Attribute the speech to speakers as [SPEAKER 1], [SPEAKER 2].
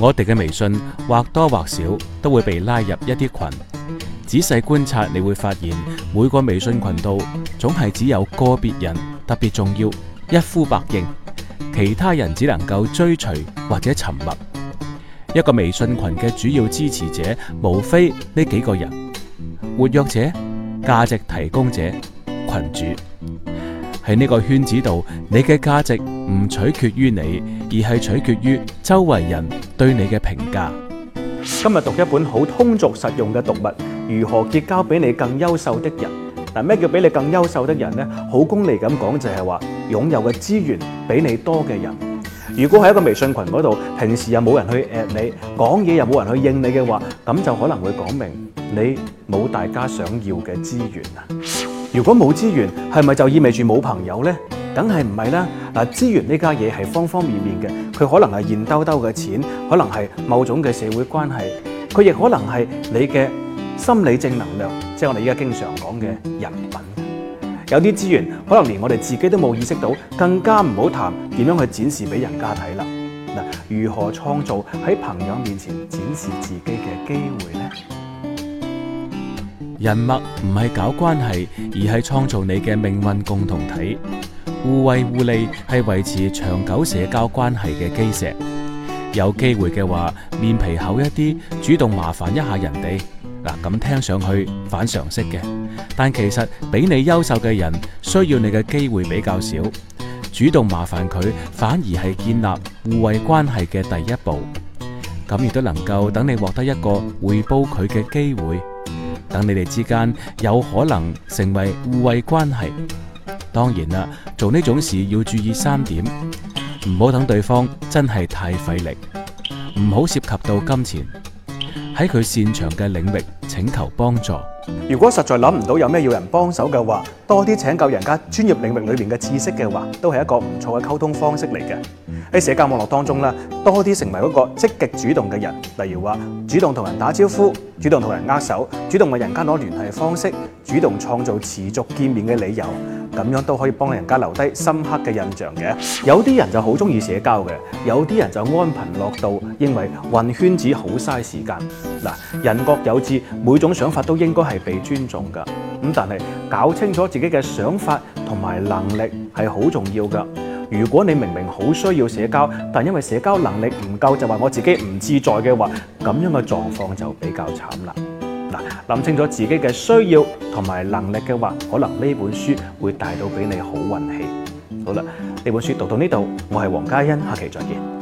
[SPEAKER 1] 我哋嘅微信或多或少都會被拉入一啲群。仔細觀察，你會發現每個微信群度總係只有個別人特別重要，一呼百應，其他人只能夠追隨或者沉默。一個微信群嘅主要支持者，無非呢幾個人：活躍者、價值提供者、群主。喺呢個圈子度，你嘅價值唔取決於你，而係取決於周圍人對你嘅評價。今日讀一本好通俗實用嘅讀物，如何結交比你更優秀的人？嗱，咩叫比你更優秀的人呢？好功利咁講就係話，擁有嘅資源比你多嘅人。如果喺一個微信群嗰度，平時又冇人去 at 你，講嘢又冇人去應你嘅話，咁就可能會講明你冇大家想要嘅資源啊。如果冇資源，係咪就意味住冇朋友呢？梗係唔係啦。嗱，資源呢家嘢係方方面面嘅，佢可能係現兜兜嘅錢，可能係某種嘅社會關係，佢亦可能係你嘅心理正能量，即係我哋而家經常講嘅人品。有啲資源可能連我哋自己都冇意識到，更加唔好談點樣去展示俾人家睇啦。嗱，如何創造喺朋友面前展示自己嘅機會呢？人脈唔係搞關係，而係創造你嘅命運共同體。互惠互利係維持長久社交關係嘅基石。有機會嘅話，面皮厚一啲，主動麻煩一下人哋。嗱、啊，咁聽上去反常識嘅，但其實比你優秀嘅人需要你嘅機會比較少。主動麻煩佢，反而係建立互惠關係嘅第一步。咁亦都能夠等你獲得一個回報佢嘅機會。等你哋之間有可能成為互惠關係。當然啦，做呢種事要注意三點：唔好等對方真係太費力，唔好涉及到金錢，喺佢擅長嘅領域。請求幫助。如果實在諗唔到有咩要人幫手嘅話，多啲請教人家專業領域裏面嘅知識嘅話，都係一個唔錯嘅溝通方式嚟嘅。喺、嗯、社交網絡當中咧，多啲成為一個積極主動嘅人，例如話主動同人打招呼，主動同人握手，主動問人家攞聯繫方式，主動創造持續見面嘅理由。咁樣都可以幫人家留低深刻嘅印象嘅。有啲人就好鍾意社交嘅，有啲人就安貧樂道，認為混圈子好嘥時間。嗱，人各有志，每種想法都應該係被尊重㗎。咁但係搞清楚自己嘅想法同埋能力係好重要㗎。如果你明明好需要社交，但因為社交能力唔夠，就話我自己唔自在嘅話，咁樣嘅狀況就比較慘啦。嗱，諗清楚自己嘅需要同埋能力嘅話，可能呢本書會帶到俾你好運氣。好啦，呢本書讀到呢度，我係黃嘉欣，下期再見。